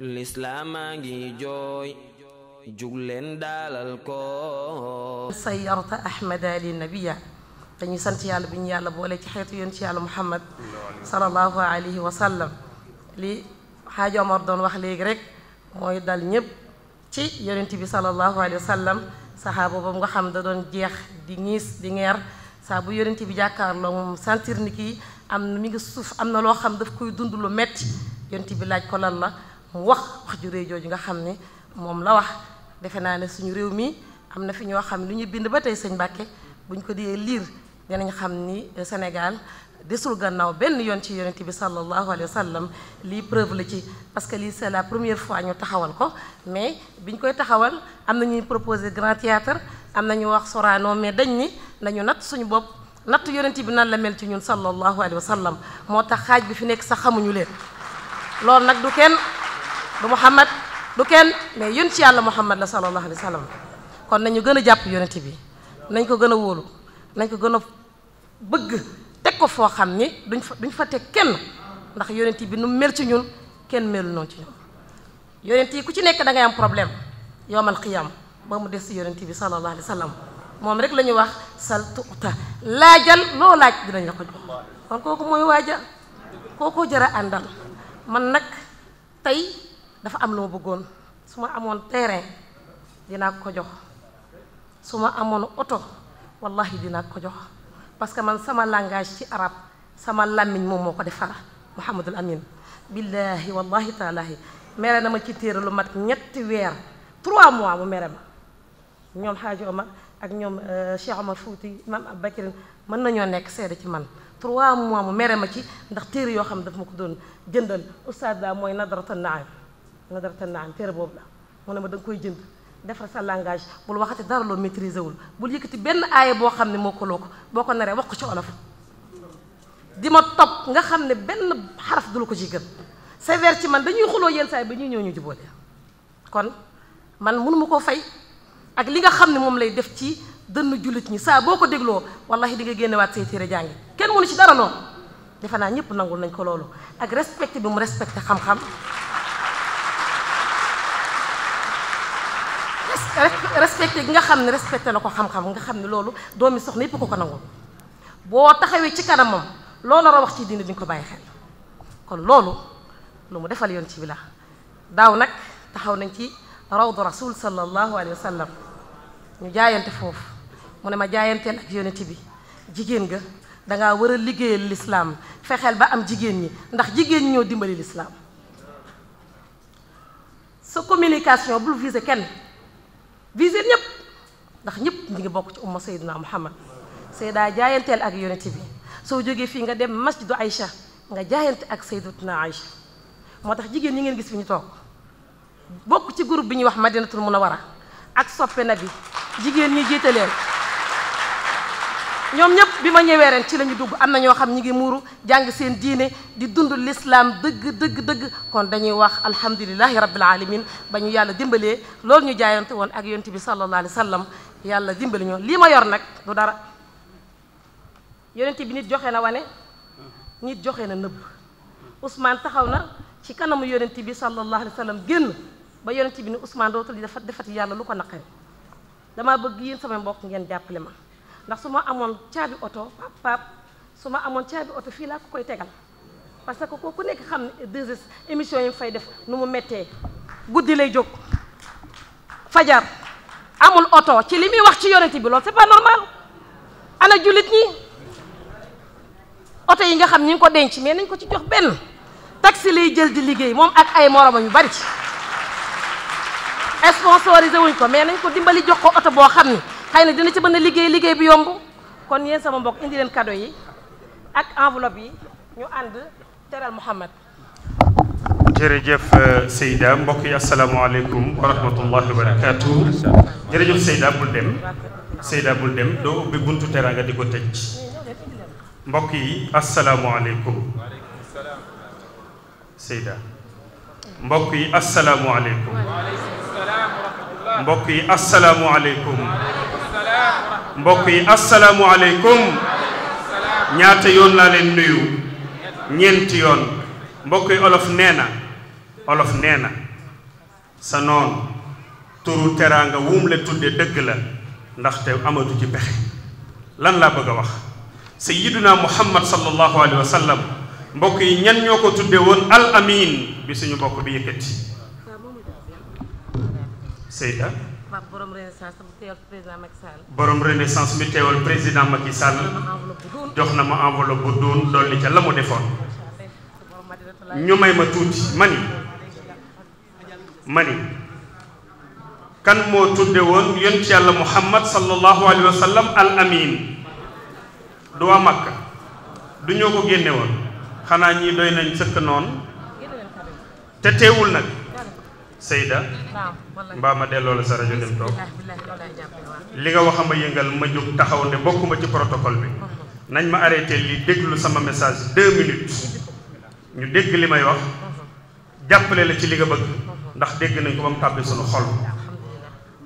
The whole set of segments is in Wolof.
lislaamaa ngi jooy jugleen daalal ko sayyarta ahmada li nabiya dañuy sant yàlla bi ñu yàlla boole ci xeetu yoon ci yàlla muhammad sallallahu alayhi wa sallam li xaaji doon wax léegi rek mooy dal ñépp ci yonent bi sallallahu alayhi wa sallam saxaaba boobu nga xam da doon jeex di ñiis di ngeer saa bu yonent bi jàkkaarloo moom sentir ni kii am na mu ngi suuf am na loo xam daf koy dund lu metti yonent bi laaj ko lan la mu wax wax ju jooju nga xam ne moom la wax defe naa ne suñu réew mi am na fi ñoo xam lu ñuy bind ba tey sëñ Mbàkke buñ ko dee liir dinañ xam ni Sénégal desul gannaaw benn yoon ci yonent bi sallallahu alayhi wa sallam lii preuve la ci parce que lii c'est la première fois ñu taxawal ko mais biñ koy taxawal am na ñuy proposé grand am na ñu wax Sorano mais dañ ni nañu natt suñu bopp natt yonent bi nan la mel ci ñun sallallahu alayhi wa sallam moo tax xaaj bi fi nekk sax xamuñu leen loolu nag du kenn. du Muhammad du kenn mais yonent ci yàlla Muhammad la sallallahu alayhi wa sallam kon nañu gën a jàpp yonent bi nañ ko gën a wóolu nañ ko gën a bëgg teg ko foo xam ni duñ fa duñ fa teg kenn ndax yonent bi nu mel ci ñun kenn melu noonu ci ñun yonent yi ku ci nekk da ngay am problème yowmal qiyam ba mu des si yonent bi sallallahu alayhi wa moom rek la ñu wax sal tuuta laajal loo laaj dinañ la ko jox kon kooku mooy waaja kooku jara àndal man nag tey dafa am lu ma bëggoon su ma amoon terrain dinaa ko jox su ma amoon oto wallahi dinaa ko jox parce que man sama langage ci arab sama làmmiñ moom moo ko defar Mouhamadul Amin billaahi wallahi taalaahi mere na ma ci téere lu mat ñetti weer trois mois mu mere ma ñoom xaaji Omar ak ñoom euh, Cheikh Omar Fouti ab Abakirin mën nañoo nekk seede ci man trois mois mu mere ma ci ndax téer yoo xam ne daf ma ko doon jëndal ustaad daa mooy nadrata naam na dara tan naan téere boobu la mu ne ma da koy jënd defar sa langage bul waxati dara loo maîtriser wul bul yëkkati benn aaya boo xam ne moo ko loo boo ko naree wax ci olof di ma topp nga xam ne benn xaraf du ko ci gën sévère ci man dañuy xuloo yenn saa ñuy ñëw ñu jubóole kon man mënu ma koo fay ak li nga xam ne moom lay def ci dënn jullit ñi saa boo ko dégloo wallahi di nga génnewaat say téere jàngi kenn mënu ci dara noonu defe naa ñëpp nangul nañ ko loolu ak respecté bi mu respecté xam-xam respecté gi nga xam ne respecté na ko xam-xam nga xam ne loolu doomi soxna yëpp ko ko nangul boo taxawee ci kanamam loolu rawax wax ci diine duñ ko bàyyi xel kon loolu lu mu defal yoon ci bi la daaw nag taxaw nañ ci rawdu rasul sallallahu alayhi wa sallam ñu jaayante foofu mu ne ma jaayanteel ak yonent bi jigéen nga dangaa war a liggéeyal lislaam fexeel ba am jigéen ñi ndax jigéen ñi ñoo dimbali lislaam sa communication bul viser kenn viser ñëpp ndax ñëpp ñi ngi bokk ci umma Seydina Muhammad Seyda jaayanteel ak yonent bi soo jógee fii nga dem masjidu Aïcha nga jaayante ak Seydatuna Aïcha moo tax jigéen ñi ngeen gis fi ñu toog bokk ci groupe bi ñuy wax Madinatul Munawara ak soppe na bi jigéen ñi jiite ñoom ñëpp bi ma ñëwee ren ci lañu dugg am na ñoo xam ñi ngi muuru jàng seen diine di dund lislaam dëgg dëgg dëgg kon dañuy wax alhamdulilahi rabbil alamin ba ñu yàlla dimbalee loolu ñu jaayante woon ak yonent bi sallallahu alayhi sallam yàlla dimbali ñoo lii ma yor nag du dara yonent bi nit joxe na wane nit joxe na nëbb Ousmane taxaw na ci kanamu yonent bi sallallahu alayhi wa sallam génn ba yonent bi ni Ousmane dootul defat defati yàlla lu ko naqari damaa bëgg yéen sama mbokk ngeen jàppale ma ndax su ma amoon caabi oto pap pap su ma amoon caabi oto fii laa ko koy tegal parce que kooku nekk xam ne des émission yi mu fay def nu mu mettee guddi lay jóg fajar amul oto ci li muy wax ci yonent bi loolu c'est pas normal ana jullit ñi oto yi nga xam ñu nga ko denc mais nañ ko ci jox benn taxi lay jël di liggéey moom ak ay moromam ñu bari ci sponsorisé wuñ ko mais nañ ko dimbali jox ko oto boo xam ni xëy dina ci mën a liggéey liggéey bi yomb kon yéen sama mbokk indi leen cadeau yi ak enveloppe yi ñu ànd teral Mouhamed jërëjëf euh, Seyda mbokk yi asalaamaaleykum wa rahmatullahi wa Seyda mbokk yi asalaamaaleykum Seyda mbokk yi asalaamaaleykum mbokk yi asalaamaaleykum mbokk yi asalaamualeykum ñaata yoon laa leen nuyu ñeenti yoon mbokk yi olof nee na olof nee na sa noon turu teraanga wuum la tudde dëgg la ndaxte amatu ci pexe lan laa bëgg a wax sayyiduna muhammad sallallahu alayhi wa sallam mbokk yi ñan ñoo ko tudde woon al amin bi suñu mbokk bi yëkkati sayda ah? Pape borom renaissance bi teewal président Macky Sall. borom renaissance bi teewal président Macky jox na ma enveloppe bu doon dolli ca la mu defoon. ñu may ma tuuti mani mani kan moo tudde woon yont yàlla muhammad sallallahu alayhi wa sallam al amin du waa Makka du ñoo ko génne woon xanaa ñii doy nañ sëkk noonu te teewul nag Seyda mbaa ma delloo la sa rajo dem toog li nga wax ma yëngal ma jóg taxaw ne bokkuma ci protocole bi mhm. nañ ma arrêté li déglu sama message deux minutes ñu dégg li may wax mhm. jàppale la ci li nga bëgg mhm. ndax dégg nañ ko ba mu tàbbi sunu xol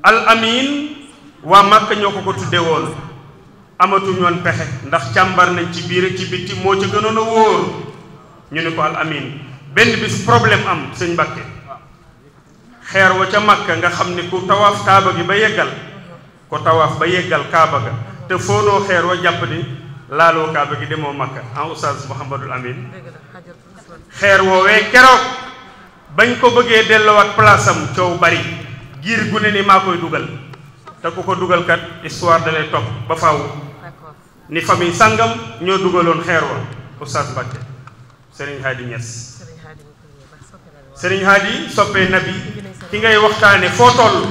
al amin waa Màkka ñoo ko ko tudde woon pexe ndax càmbar nañ ci biir ak ci bitti moo ci gënoon a wóor ñu ne ko al amin benn bis problème am sëñ Mbàkke xeer wa ca màkka nga xam ni ku tawaaf kaaba gi ba yeggal ku tawaaf ba yeggal kaaba ga te foonoo xeer wa jàpp ni laaloo kaaba gi demoo màkka en ah, oustaz Mouhamadul Amin xeer woowee keroog bañ ko bëggee delloowaat place am coow bari giir gu ne ni maa koy dugal te ku ko dugal kat histoire dalay topp ba faw ni famille sàngam ñoo dugaloon xeer wa oustaz Mbacke Serigne Hadi Niass Serigne Hadi soppee nabi ki ngay waxtaane foo toll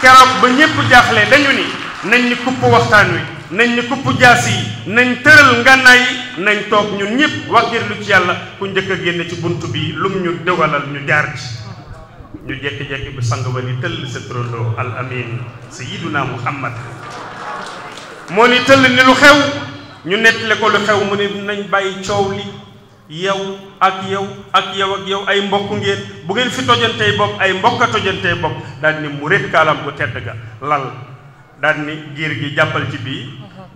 keroog ba ñépp jaaxle dañu ni nañ ni kupp waxtaan wi nañ ni kupp jaas yi nañ tëral ngànnaay nañ toog ñun ñëpp wàkkirlu ci yàlla ku njëkk génn ci bunt bi lum ñu dogalal ñu jaar ci ñu jekki-jekki bi sang ba ni tëll sa turandoo al amin sayyiduna muhammad moo ni tëll ni lu xew ñu nettali ko lu xew mu ni nañ bàyyi coow li yow ak yow ak yow ak yow ay mbokk ngeen bu ngeen fi tojantey bopp ay mbokk a tojantey bopp daal ni mu rét kaalam bu tedd ga lal daal ni giir gi jàppal ci bii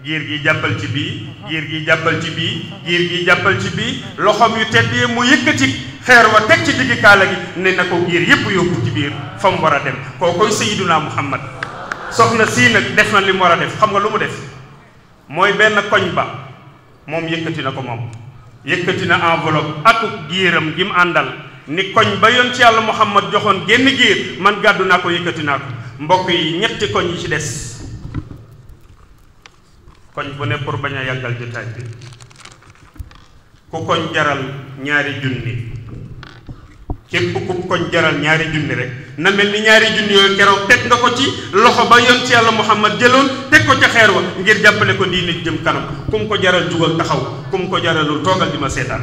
giir gi jàppal ci bii giir gi jàppal ci bii giir gi jàppal ci bii loxoom yu tedd yi mu yëkkati xeer wa teg ci digg kaala gi ne na ko giir yépp yóbbu ci biir fa mu war a dem kookoy sayiduna muhammad soxna sii nag def na li mu war a def xam nga lu mu def mooy benn koñ ba moom yëkkati na ko moom yëkkati na enveloppe atuk giiram gi mu àndal ni koñ ba yoon ci yàlla muhammad joxoon génn giir man gàddu naa ko yëkkati naa ko mbokk yi ñetti koñ yi ci des koñ bu ne pour bañ a yàggal jotaay bi ku koñ jaral ñaari junni képp ku koñ jaral ñaari junni rek na mel ni ñaari junni yooyu keroog teg nga ko ci loxo ba yoon ci yàlla muhammad jëloon ko ca xeer wa ngir jàppale ko diine jëm kanam ku ko jaral jugal taxaw ku ko jaralul toogal di ma seetaan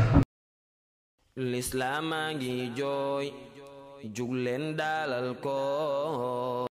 lislaam a ngi jooy jug daalal ko